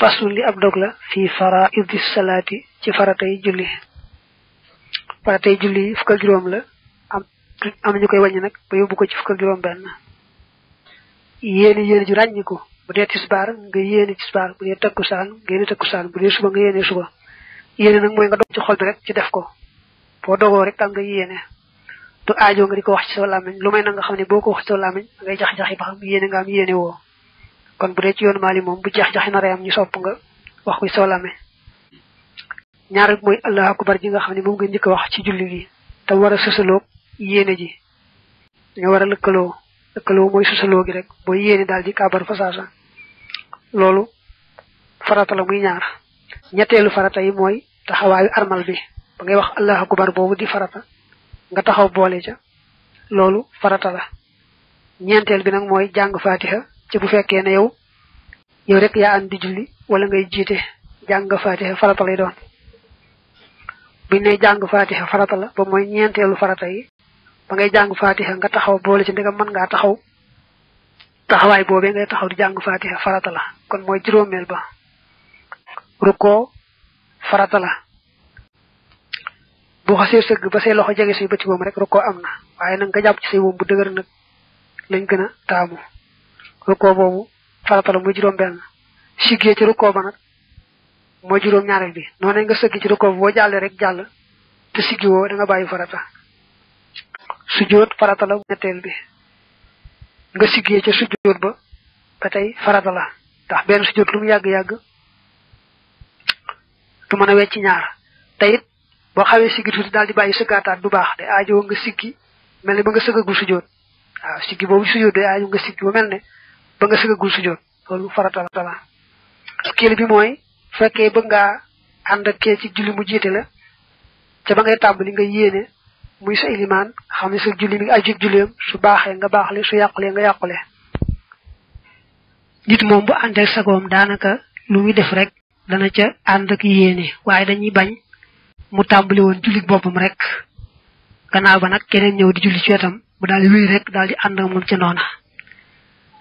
faslun li ab dogla fi faraidi salati ci faratay julli faratay julli fukk juroom la am am ñu koy wañi nak ba yobbu ko ci fukk juroom ben yéene yéene ju ràññi ko bu de tisbar nga yéene tisbar bu de takusan nga yéene takkusaan bu de suba nga yene suba yene nak moy nga dog ci xol bi rek ci def ko bo dogo rek tam nga yéene du aajo nga diko wax ci sa lu may na nga wax ci sa ngay jax-jaxi ba yene nga am yene wo kon bu dee ci yoonu mali moom bu jeex jaxi na reyam ñu sopp nga wax kuy soo lame ñaar mooy allah akbar ji nga xam ne moom nga njëkk wax ci julli gi te war a susaloo yéene ji nga war a lëkkaloo lëkkaloo mooy gi rek booy yéene daal di kaabar fasaasa loolu farata la muy ñaar ñetteelu farata yi mooy taxawaayu armal bi ba ngay wax allah akbar boobu di farata nga taxaw boole ca loolu farata la ñeenteel bi nag mooy jàng fatiha ci bu fekkee ne yow yow rek yaa ànd di julli wala ngay jiite jàng faatixa farata lay doon buñ jàng faatixa farata la ba mooy ñeenteelu farata yi ba ngay jàng faatixa nga taxaw boole ci ndegam mën ngaa taxaw taxawaay boobee ngay taxaw di jàng faatixa farata la kon mooy juróomeel ba rukkoo farata la boo xasee sëgg ba say loxo jege say bëti boom rek rukkoo am na waaye nag nga jàpp ci say woom bu dëgër nag lañ gën a taamu rukkoo boobu farata la muy juróom benn siggee ci rukkoo ba nag mooy juróom ñaareel bi noonu nga sëgg ci rukkoo boo jàllee rek jàll te siggi woo da nga bàyyi farata sujjóot farata la nga siggee ca sujjóot ba ba tey farata ndax benn sujjóot lu mu yàgg-yàgg du mën a wecc ñaar te it boo xawee siggi tuuti daal di bàyyi sëggaataat du baax day aajowoo nga siggi mel ne ba nga sëggagul sujjóot waaw siggi boobu sujjóot day aajo nga siggi ba mel ne ba nga sëgagul sujjoot loolu farata la skill bi mooy fekkee bëgg ngaa ànd ak kee ci julli mu jiite la ca ba ngay li nga yéene muy sa iliman xam ne sa julli mi aju julleem su baaxee nga baaxle su yàqule nga yàqule nit moom bu ànd sagoom daanaka lu muy def rek dana ca ànd ak yéene waaye dañuy bañ mu tàmbali woon jullit boppam rek gannaaw ba nag keneen ñëw di julli ci wetam mu daal di rek daal di ànd ak moom ca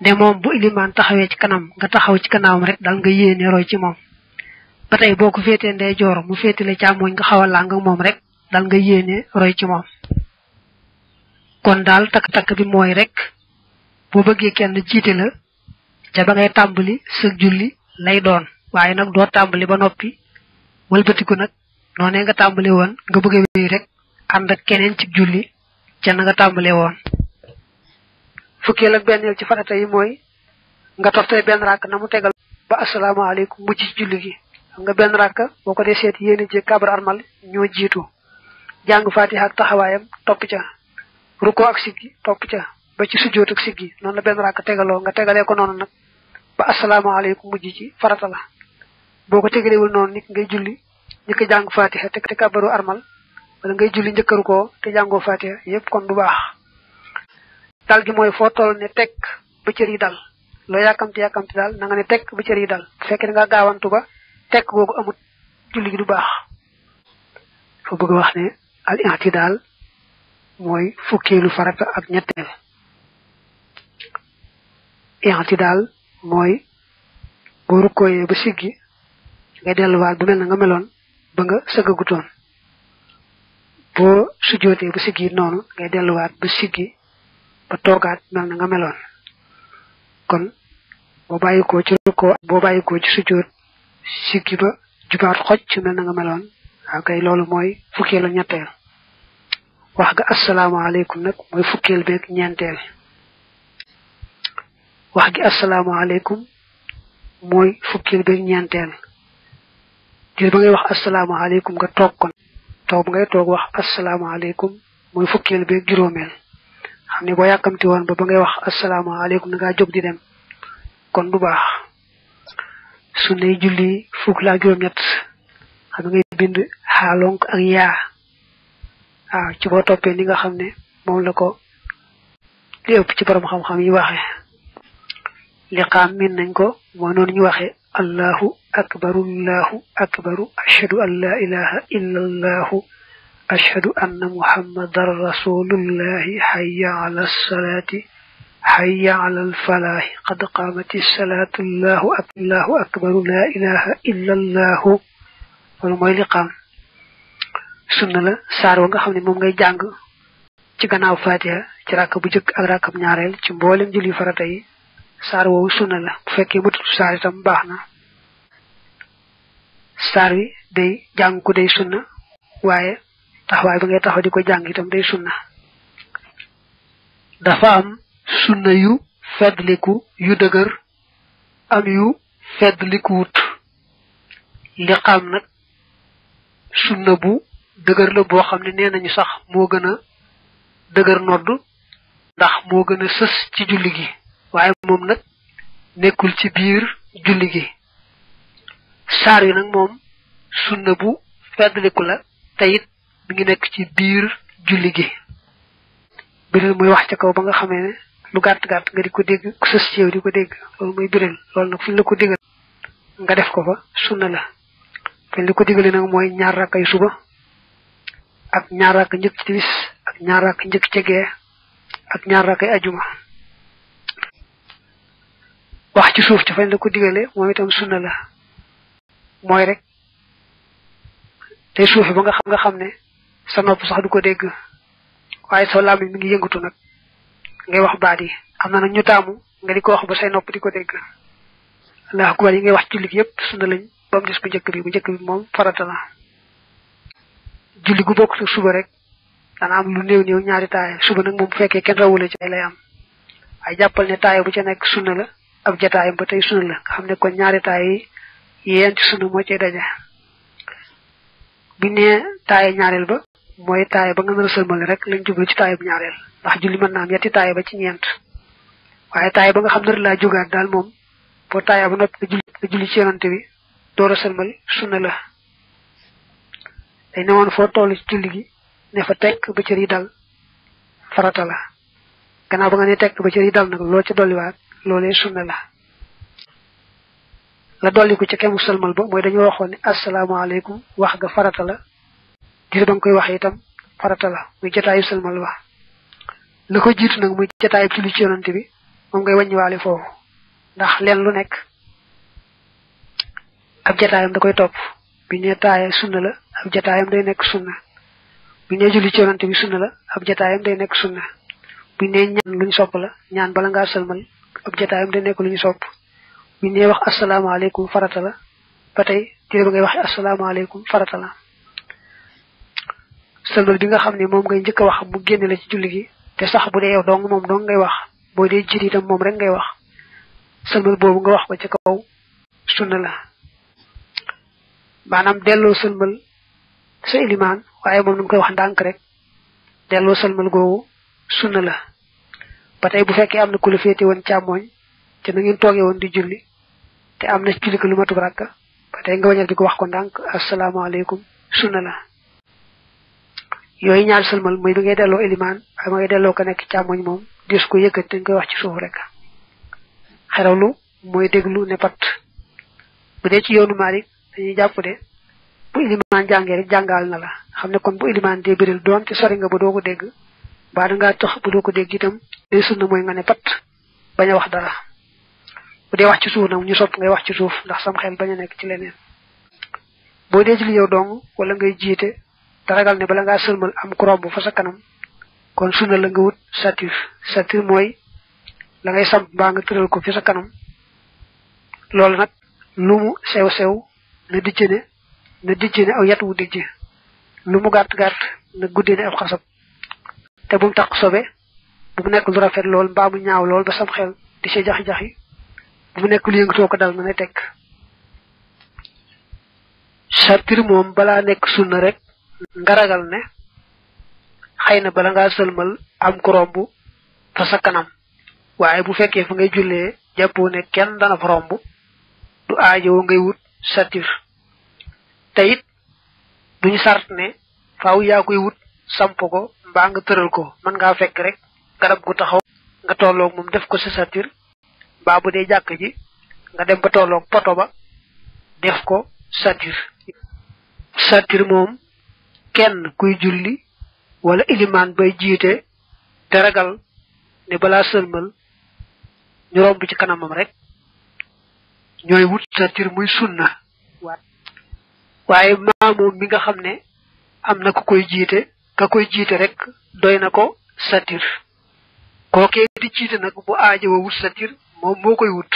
ne moom bu ilimaan taxawee ci kanam nga taxaw ci kanam rek dal nga yéene roy ci moom ba tey boo ko féetee ndey joor mu féete la càmmooñ nga xaw a làng moom rek dal nga yéene roy ci moom kon daal takk-takk bi mooy rek boo bëggee kenn jiite la ca ba ngay tàmbali sa julli lay doon waaye nag doo tàmbali ba noppi wëlbatiku nag noonee nga tàmbali woon nga bëgg a rek ànd keneen ci julli ca na nga tàmbalee woon fukkeel ak benneel ci farata yi moy, nga toftay ben rak na tegal ba alaykum bu ci julli gi nga ben rak boko de set yene yéene kabar armal ño jitu jang fatiha ak tahawayam top ca ruko ak sigi top ca ba ci sujjoot ak sigi non la ben rak tegalo nga tegalé ko non nak ba alaykum bu ci farata la boko tegalé wul non nit ngay julli ñi ko jàng fatiha te kabaru armal wala ngay julli njëkkaru ko te jàngoo fatiha kon du baax dal gi mooy foo toll ne tekk ba cër yi dal loo yàkkamti yàkkamti dal na nga ne tekk ba cër yi dal bu fekkee nga gaawantu ba tekk googu amut julli gi du baax fa bëgg wax ne al i'tidal mooy fukkeelu farata ak ñetteel i'tidal mooy boo rukkooyee ba siggi nga delluwaat bu mel na nga meloon ba nga sëggagutoon boo sujjootee ba siggi noonu ngay delluwaat ba siggi ba toogaat mel na nga meloon kon boo bàyyikoo ci rukkoo boo bàyyikoo ci mel na nga meloon waaw kay loolu mooy fukkeelu ñetteel wax nga asalaamaaleykum nag mooy fukkeel ñeenteel wax gi asalaamaaleykum mooy fukkeel beeg ñeenteel dir ba ngay wax asalaamaaleykum nga toog kon toog ba ngay toog wax asalaamaaleykum mooy fukkeel beeg juróomeel xam ne boo yàkkamti woon ba ba ngay wax asalaamaaleykum na ngaa jóg di dem kon du baax sunnay julli fukk la ak juróom xam ngay bind xaalonk ak yaa waaw ci boo toppee ni nga xam ne moom la ko li ci borom xam-xam yi waxe liqaam min nañ ko mooy noonu ñu waxe allahu akbaru allahu akbaru ashhadu an ilaha illa ashhadu anna muhammadan rasulullahi hayya ala salaati hayya ala alfalaahi qad qaamati salaatu allahu ak allahu akbaru laa ilaha illa allahu loolu mooy liqaam sunna la saar wa nga xam ne moom ngay jàng ci gannaaw fatiha ci ràkk bu jëkk ak ràkkab ñaareel ci mboolem julli farata yi saar woowu sunna la bu fekkee matut saar itam baax na saar wi day jàng ko day sunna waaye taxawaay ba ngay taxaw di ko jàng itam day sunna dafa am sunna yu feddliku yu dëgër am yu feddlikuwut li xam nag sunna bu dëgër la boo xam ne nee nañu sax moo gën a dëgër nodd ndax moo gën a sës ci julli gi waaye moom nag nekkul ci biir julli gi saar yi nag moom sunna bu feddliku la te mi ngi nekk ci biir julli gi biral muy wax ca kaw ba nga xamee ne lu gàtt gàtt nga di ko dégg ku sës ci yow di ko dégg loolu mooy biral loolu nag fu ko digal nga def ko fa sunna la fañ la ko digale nag mooy ñaar rakk ay suba ak ñaar rakk njëkk ci timis ak ñaar rakk njëkk ci gee ak ñaar rak ay ajuma wax ci suuf ci fañ la ko digale moom itam sunna la mooy rek tey suufi ba nga xam ne sa nopp sax du ko dégg waaye soo làmmiñ nag ngay wax yi am na nag ñu taamu nga di ko wax ba say nopp di ko dégg allah akbar yi ngay wax julli gi yëpp sunna lañ ba mu des bu njëkk bi bu njëkk bi moom farata la julli gu bokk suba rek dana am lu néew néew ñaari taaya suba nag moom bu fekkee kenn rawule ci lay am waaye jàppal ne taaya bu ci nekk sunna la ab jataayam ba tey sunna la nga xam ne kon ñaari taaya yi yéen ci sunna moo cay daje buñ nee taaya ñaareel ba mooy taaya ba nga nar a sëlmal rek lañ jublu ci taaya bu ñaareel ndax julli mën naa am yetti taaya ba ci ñeent waaye taaya ba nga xam nar laa jógaat daal moom boo taaya ba noppi nga julli ci yonante bi door a sëlmal la foo toll ci gi ne fa tekk ba la gannaaw ba nga ne tekk ba cër yi dal nag loo ca ko ca kemu sëlmal ba mooy dañu waxoon ne asalaamaaleykum wax ga farata la diir ba nga koy wax itam farata la muy jotaayu sëlmal wax la ko jiitu nag muy jotaayu julli ci yonante bi moom ngay wàññiwaale foofu ndax leen lu nekk ab jotaayam da koy topp bi ñu taaya la ab day nekk sunna bu ñu julli ci yonante bi sunna la ab jotaayam day nekk sunna bu ñu ñaan lu sopp la ñaan bala ngaa sëlmal ab jotaayam day nekk lu ñu sopp bu ñu wax asalaamaaleykum farata la ba tey diir ba ngay wax asalaamaaleykum farata la. sëlmal bi nga xam ne moom ngay njëkk a wax mu génn la ci julli gi te sax bu dee yow moom dong ngay wax boo dee jiit itam moom rek ngay wax sëlmal boobu nga wax ko ci kaw sunna la maanaam delloo sëlmal sa waaye moom nu koy wax ndànk rek delloo sëlmal googu sunna la ba bu fekkee am ku la féete woon càmmooñ te na ngeen woon di julli te am na julli ko lu matub rakk ba ko wax ko ndànk asalaamaaleykum sunna la yooyu ñaari sëlmal muy bi ngay delloo élimaan ak ma ngay delloo ko nekk càmmoñ moom dis ko yëkkat dañ koy wax ci suuf rek xerawlu mooy déglu ne pat bu dee ci yoonu Maalik dañuy jàpp de bu ilimaan jàngee rek jàngal na la xam ne kon bu ilimaan dee biril nga ba doo ko dégg baa dangaa tax bu ko dégg itam day sunna mooy nga ne pat bañ a wax dara bu ci suuf nag ñu sopp wax ci suuf ndax sam xel bañ nekk ci leneen boo dee ci li wala ngay jiite taragal ne bala nga sëlmal am ko rombu fa sa kanam kon sunna la nga wut satif satif moy la ngay sam ba nga teural ko fi sa kanam loolu numu lu mu sew sew na dijje ne na dijje ne aw yatu wu dijje lu mu gàtt gàtt na ne xassab te bu tak sobe bu mu nekk lu rafet lol ba mu ñaaw lol ba sam xel di ci jaxi jaxi bu nekk lu to ko dal ne tek satir mom bala nekk sunna rek nga ragal ne xëy na bala ngaa sëlmal am ku romb fa sa kanam waaye bu fekkee fa ngay jule jàppoo ne kenn dana fa romb du aajowoo ngay wut satir te it duñu sart ne faaw yaa koy wut samp ko mbaa nga tëral ko man ngaa fekk rek garab gu taxaw nga tolloog moom def ko sa satir mbaa bu dee jàkk ji nga dem ba tolloog poto ba def ko satir satir moom kenn kuy julli wala ilimaan bay jiite te ragal ne balaa sëlmal ñu romb ci kanamam rek ñooy wut satir muy sunna waaye maamoom mi nga xam ne am na ku koy jiite ka koy jiite rek doy na ko satir kookee di jiite nag bu aajo wa wut satir moom moo koy wut